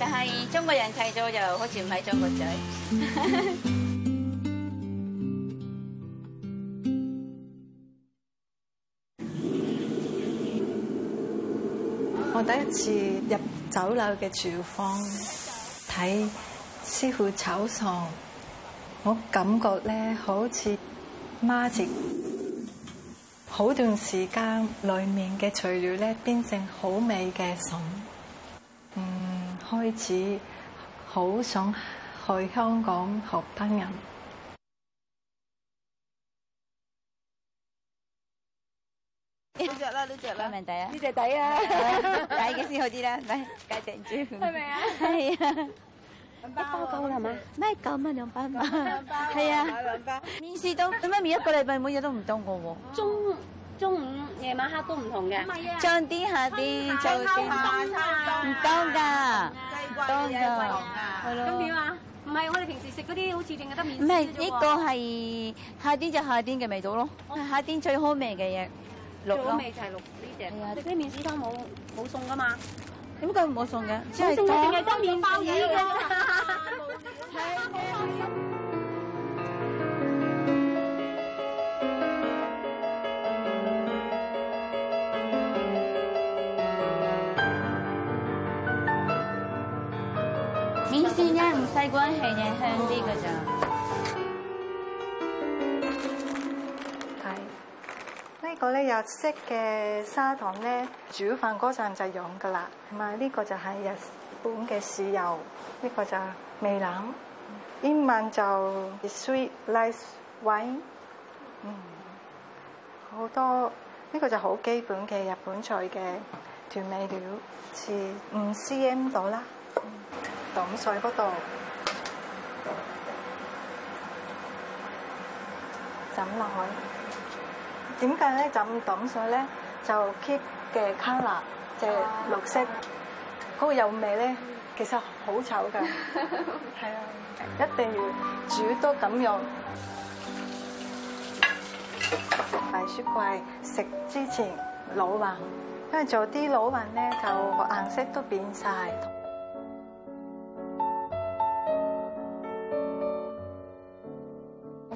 但係中國人睇咗，又好似唔係中國仔。 我第一次入酒樓嘅廚房睇師傅炒餸，我感覺咧好似媽子好短時間裏面嘅材料咧變成好味嘅餸。開始好想去香港學烹飪。攞著啦，攞著啦！呢隻底啊，底嘅先好啲啦，咪加隻豬。係咪啊？係啊！兩包夠啦嘛？咩夠嘛？兩包。係啊！面試到你媽咪一個禮拜每日都唔到我喎。中。啊中午、夜晚黑都唔同嘅，將啲下啲，仲有啲，唔多㗎，多咗。咁點啊？唔係，我哋平時食嗰啲好似淨係得麵。唔係呢個係夏天就夏天嘅味道咯，夏天最好味嘅嘢，綠咯。最好味就係綠呢隻。你啲麵豉湯冇冇送㗎嘛？點解冇送嘅？冇送就淨係得麵包魚嘅。西關係嘅香啲嘅就，睇呢個咧日式嘅砂糖咧，煮飯嗰陣就用㗎啦。同埋呢個就係日本嘅豉油，呢個就係味醂。英文就 sweet rice wine。嗯，好多呢個就好基本嘅日本菜嘅調味料，似五 cm 到啦，倒咁水嗰度。浸落去，點解咧？浸凍水咧，就 keep 嘅 colour 即係綠色，嗰個有味咧，其實好醜噶， 一定要煮多咁用吃。擺雪櫃食之前撈勻，因為做啲撈勻咧，就個顏色都變晒。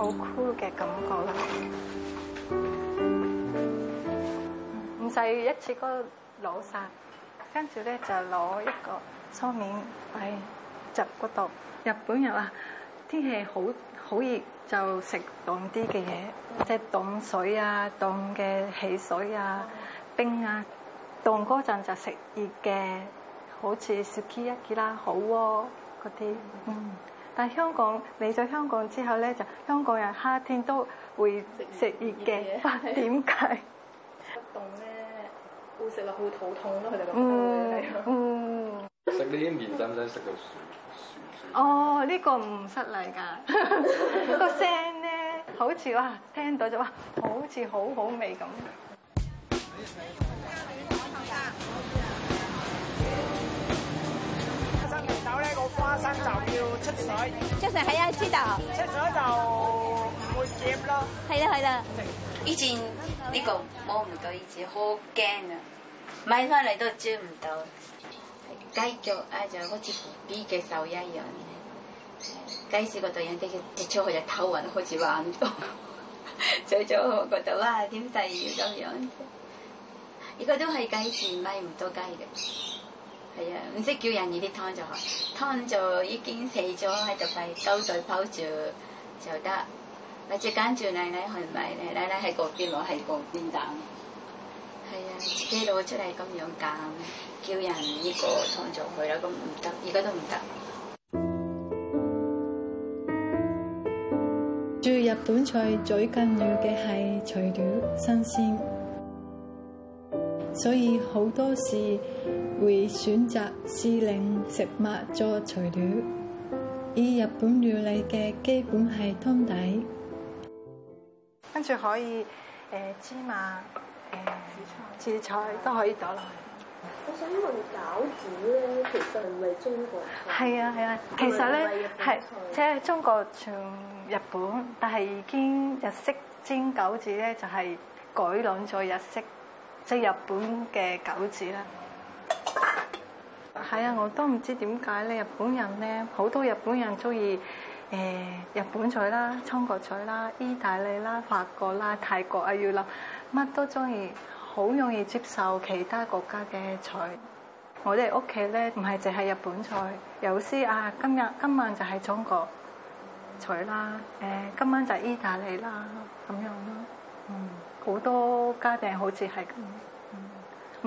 好酷嘅感覺啦，唔使一次過攞晒。跟住咧就攞一個梳麵，喺入嗰度。日本人啊，天氣好好熱就食凍啲嘅嘢，即係凍水啊、凍嘅汽水啊、冰啊，凍嗰陣就食熱嘅，好似 Sukiyaki 啦、火鍋嗰啲。但香港嚟咗香港之後咧，就香港人夏天都會食熱嘅，唔知點解。唔凍咧，會食落去肚痛咯，佢哋咁講。嗯。食呢啲麵，真唔使食到酸哦，呢個唔失禮㗎，個聲咧好似哇，聽到就話好似好好味咁。 花生就要出水，出水係一知道。出咗就唔會夾咯。係啦係啦。以前呢個摸唔到，以前好驚啊，買翻嚟都捉唔到。雞腳啊，就好似 BB 嘅手一樣。雞屎嗰度有啲嘢食咗，我就頭暈，好似暈咗。食咗我嗰度，哇！點第二咁樣？呢個都係雞翅，買唔到雞嘅。係啊，唔識叫人呢啲湯就湯就已經死咗喺度，費兜袋泡住就得。或者跟住奶奶係咪咧？奶奶喺嗰邊攞，喺嗰邊等。係啊，自己攞出嚟咁樣揀，叫人呢個湯做佢啦，咁唔得，而家都唔得。做日本菜最緊要嘅係材料新鮮，所以好多時，會選擇時令食物作材料，以日本料理嘅基本係湯底，跟住可以誒芝麻、紫菜都可以攞落去。我想問餃子咧，其實唔係中國？係啊，係啊，其實咧係即係中國從日本，但係已經日式煎餃子咧就係改良咗日式，即係日本嘅餃子啦。係啊，我都唔知點解咧。日本人咧，好多日本人中意誒日本菜啦、中國菜啦、意大利啦、法國啦、泰國啊，越南乜都中意，好容易接受其他國家嘅菜。我哋屋企咧，唔係淨係日本菜，有時啊，今日今晚就係中國菜啦，誒，今晚就，今晚就係意大利啦咁樣咯。嗯，好多家庭好似係咁，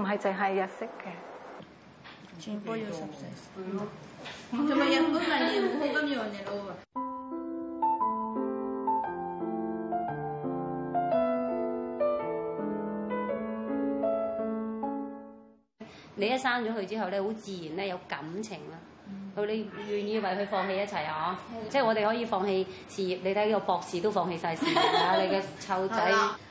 唔係淨係日式嘅。真係要有實質。你一生咗佢之後咧，好自然咧有感情啦。佢、嗯、你願意為佢放棄一齊啊？即係我哋可以放棄事業。你睇呢個博士都放棄晒事業啊！ 你嘅臭仔。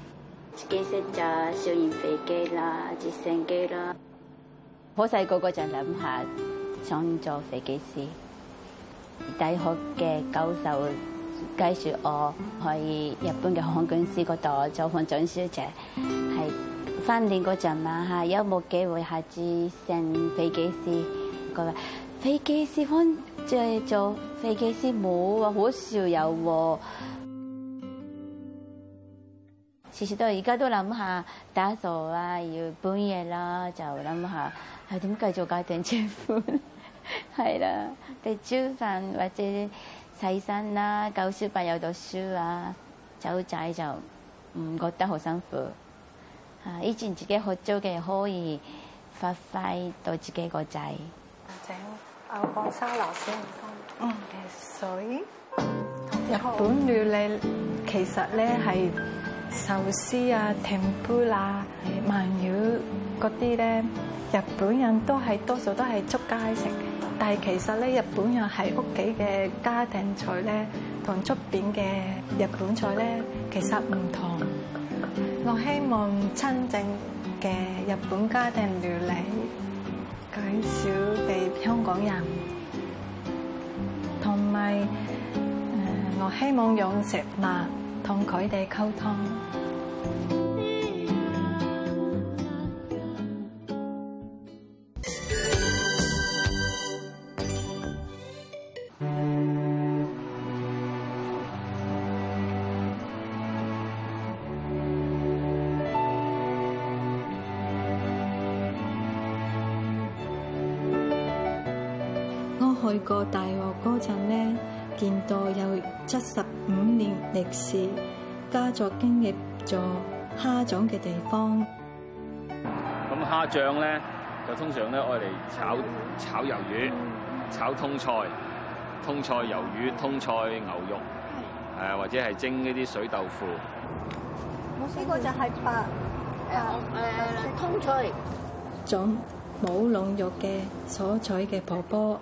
自己識架小型飛機啦、直升機啦。好細個嗰陣諗下，想做飛機師。大學嘅教授介紹我去日本嘅航空公司嗰度做航空小姐。係翻年嗰陣晚有冇機會下次成飛機師？佢話飛機師方最做飛機師冇喎，好少有喎。其實而家都諗下，打掃啊，要搬嘢啦，就諗下點解做家庭主婦係啦。煮飯或者洗身啦，教小朋友讀書啊，走仔就唔覺得好辛苦。啊，以前自己學做嘅可以發揮到自己個仔。整牛沙拉先。嗯，水。日本料理其實咧係。壽司啊、天婦羅、鰻魚嗰啲咧，日本人都係多數都係出街食嘅，但係其實咧，日本人喺屋企嘅家庭菜咧，同出邊嘅日本菜咧，其實唔同。我希望真正嘅日本家庭料理，介紹俾香港人。同埋，我希望用食物。同佢哋溝通。我去過大澳嗰陣咧。年代有七十五年歷史，家作經歷咗蝦，蝦醬嘅地方。咁蝦醬咧，就通常咧用嚟炒炒魷魚、炒通菜、通菜魷魚、通菜牛肉，誒、啊、或者係蒸呢啲水豆腐。我、這、呢個就係白誒誒通菜，種冇龍肉嘅所採嘅婆婆。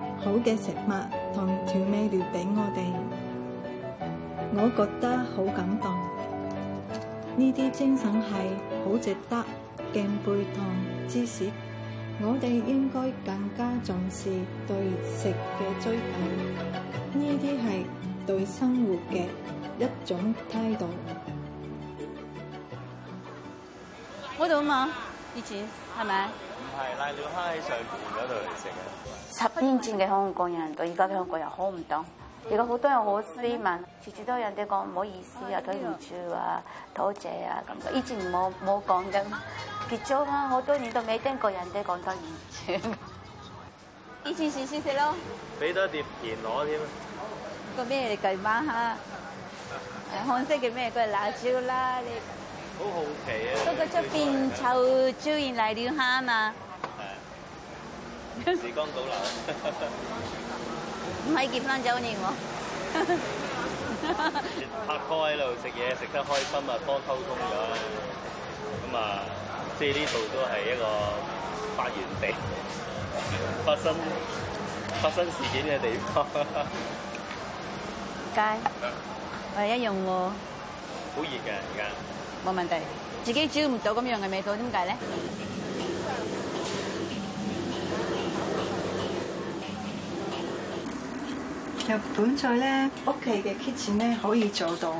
好嘅食物同調味料俾我哋，我覺得好感動。呢啲精神係好值得敬佩同支持，我哋應該更加重視對食嘅追求。呢啲係對生活的一種態度。我哋嘛，你先開麥。係，瀨尿蝦喺上面嗰度嚟食嘅。十年前嘅香港人同而家嘅香港人好唔同，而家好多人好斯文，次次都有人哋講唔好意思啊，對唔住啊，多謝啊咁、嗯。以前冇冇講咁，結咗婚好多年都未聽過人哋講得完全。依次試先食咯，俾多碟田螺添啊。這個咩你嘅晚黑？韓式嘅咩？嗰啲辣椒啦，啲。好好奇啊！不過出邊就招人嚟撩蝦嘛？係啊，時光倒流，唔係結婚周年喎。哈哈哈哈哈！拍拖喺度食嘢，食得開心啊，多溝通咗啦。咁啊，即係呢度都係一個發源地，發生發生事件嘅地方。街，係一樣喎。好熱嘅而家。冇問題，自己煮唔到咁樣嘅味道，點解咧？日本菜咧，屋企嘅 kitchen 咧可以做到，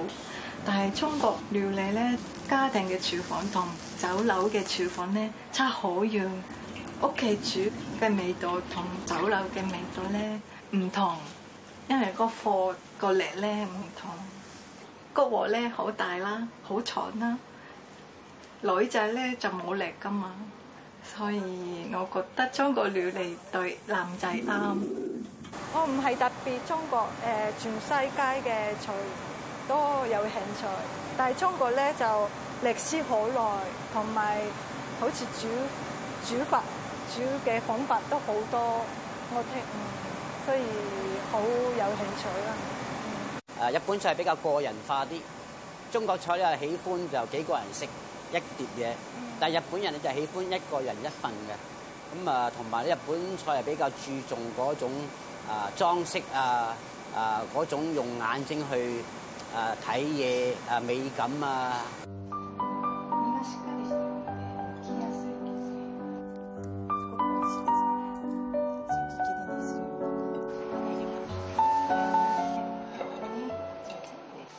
但係中國料理咧，家庭嘅廚房同酒樓嘅廚房咧差好遠。屋企煮嘅味道同酒樓嘅味道咧唔同，因為嗰貨個力咧唔同。個鍋咧好大啦，好蠢啦。女仔咧就冇力噶嘛，所以我覺得中國料理對男仔啱。我唔係特別中國誒，全世界嘅菜都有興趣，但係中國咧就歷史好耐，同埋好似煮煮法煮嘅方法都好多，我聽所以好有興趣啦。啊！日本菜比較個人化啲，中國菜咧就喜歡就幾個人食一碟嘢，但係日本人咧就喜歡一個人一份嘅。咁啊，同埋日本菜係比較注重嗰種啊裝飾啊啊嗰種用眼睛去啊睇嘢啊美感啊。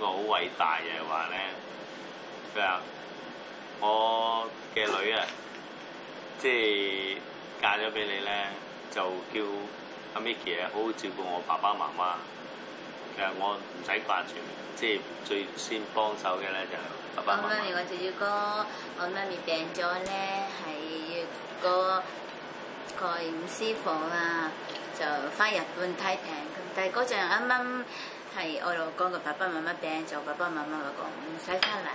個好偉大嘅話咧，佢話我嘅女啊，即係嫁咗俾你咧，就叫阿 Micky 啊，好好照顧我爸爸媽媽。其實我唔使掛住，即係最先幫手嘅咧就係爸爸媽媽。我媽咪我姐姐哥，我，我媽咪病咗咧，喺個唔舒服啊，就翻日本睇病，但係嗰陣啱啱。係我老公嘅爸爸媽媽病咗，爸爸媽媽話講唔使翻嚟，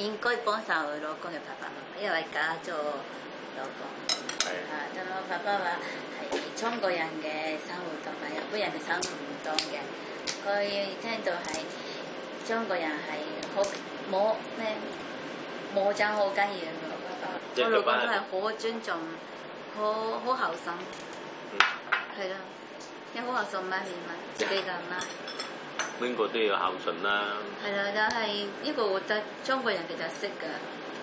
應該幫晒我老公嘅爸爸，爸，爸，媽媽，因為而家就老公，但係我爸爸話係中國人嘅生活同埋日本人嘅生活唔當嘅。佢聽到係中國人係好冇咩冇將好緊要嘅，我老公都係好尊重，好好孝順，係啦。嗯你好孝順嘛，你問自己嘅媽，邊個都要孝順啦。係啦，但係呢個得中國人嘅特色㗎。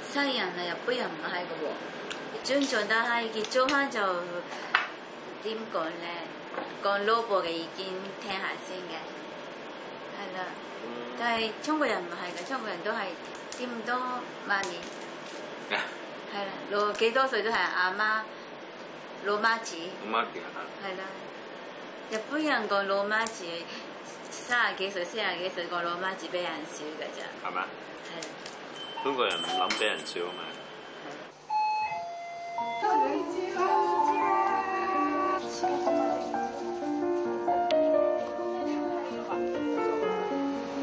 西人啊，日本人唔係嘅喎。尊重，但係結咗婚就點講咧？講老婆嘅意見聽下先嘅，係啦、嗯。但係中國人唔係嘅，中國人都係點都媽咪，係、啊、啦，老幾多歲都係阿媽老媽子。老媽嘅係啦。日本人個老媽子三十幾歲、四十幾歲個老媽子俾人笑噶咋？係嘛？係，中國人諗俾人笑咩？全家，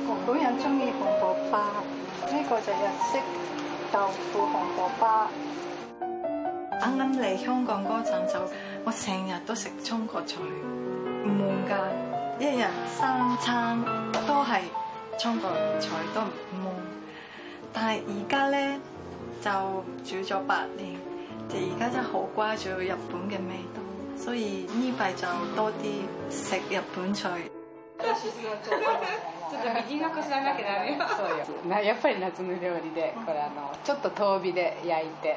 香港人中意紅蘿蔔，呢個就日式豆腐紅蘿蔔。啱啱嚟香港嗰陣就，我成日都食中國菜。悶㗎，一日三餐都係中國菜都唔悶，但係而家咧就煮咗八年，而家真係好掛住日本嘅味道，所以呢排就多啲食日本菜。就燒肉就比較，就比較比較難嘅，因為比較少。那やっぱり夏の料理でこれあのちょっと遠火で焼いて。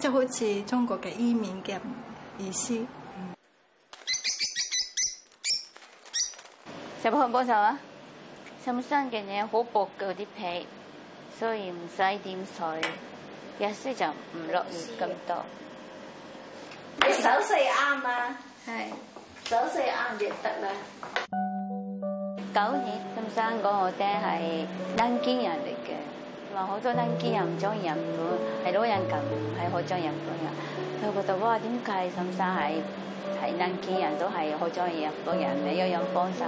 就好似中國嘅伊麵嘅意思。陳伯肯幫手啊？深山嘅嘢好薄嗰啲皮，所以唔使點水，日曬就唔落雨咁多、嗯。你手勢啱啊！係，手勢啱就得啦。九年深山嗰個爹係南京人嚟嘅。好多南京人唔中意日本，係老人咁係好中意日本人。佢覺得哇，點解心沙係係南京人都係好中意日本人，又有幫手，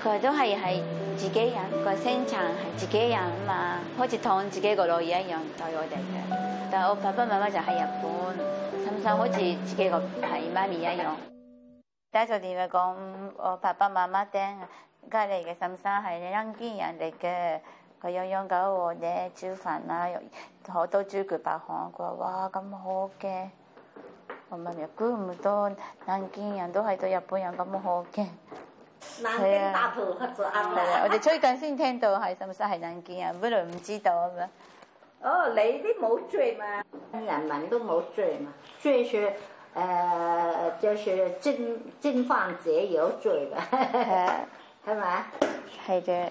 佢都係係自己人，個生產係自己人啊嘛，好似同自己個老爺一樣對我哋嘅。但係我爸爸媽媽就係日本，心沙好似自己個係媽咪一樣。打咗電話講我爸爸媽媽聽，隔離嘅心沙係南京人嚟嘅。佢養養狗我咧煮飯啦、啊，很多豬腳好多煮嘅白行佢話哇咁好嘅，我問日估唔到南京人都係對日本人咁好嘅，係啊，係、嗯、啊，我哋最近先聽到係什麼，係 南京人，本來唔知道啊嘛。哦，你啲冇罪嘛？人民都冇罪嘛？罪説誒、呃，就是貞貞犯者有罪嘛，係咪啊？係嘅。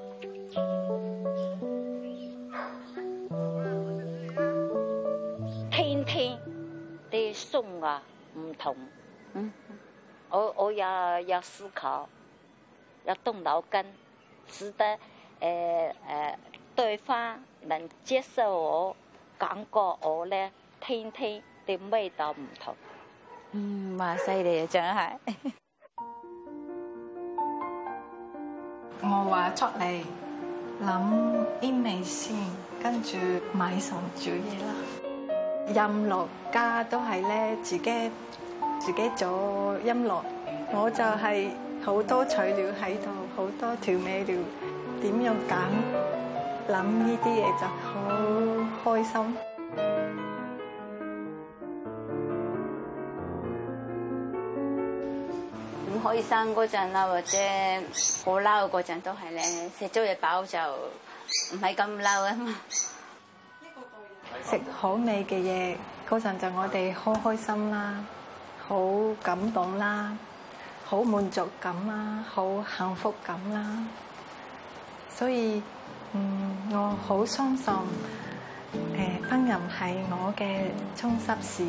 啲餸啊唔同，我我也要思考，要動腦筋，使得誒誒對方能接受我，感覺我咧，聽聽啲味道唔同。嗯，話犀利啊真係。我話出嚟諗啲味先，跟住買餸煮嘢啦。音樂家都係咧，自己自己做音樂。我就係好多材料喺度，好多調味料，點樣揀，諗呢啲嘢就好開心。唔開心嗰陣啦，或者好嬲嗰陣都係咧，食咗嘢飽就唔係咁嬲啊嘛。食好味嘅嘢，嗰陣就我哋好開心啦，好感動啦，好滿足感啦，好幸福感啦。所以，嗯，我好相信誒烹飪係我嘅終身事。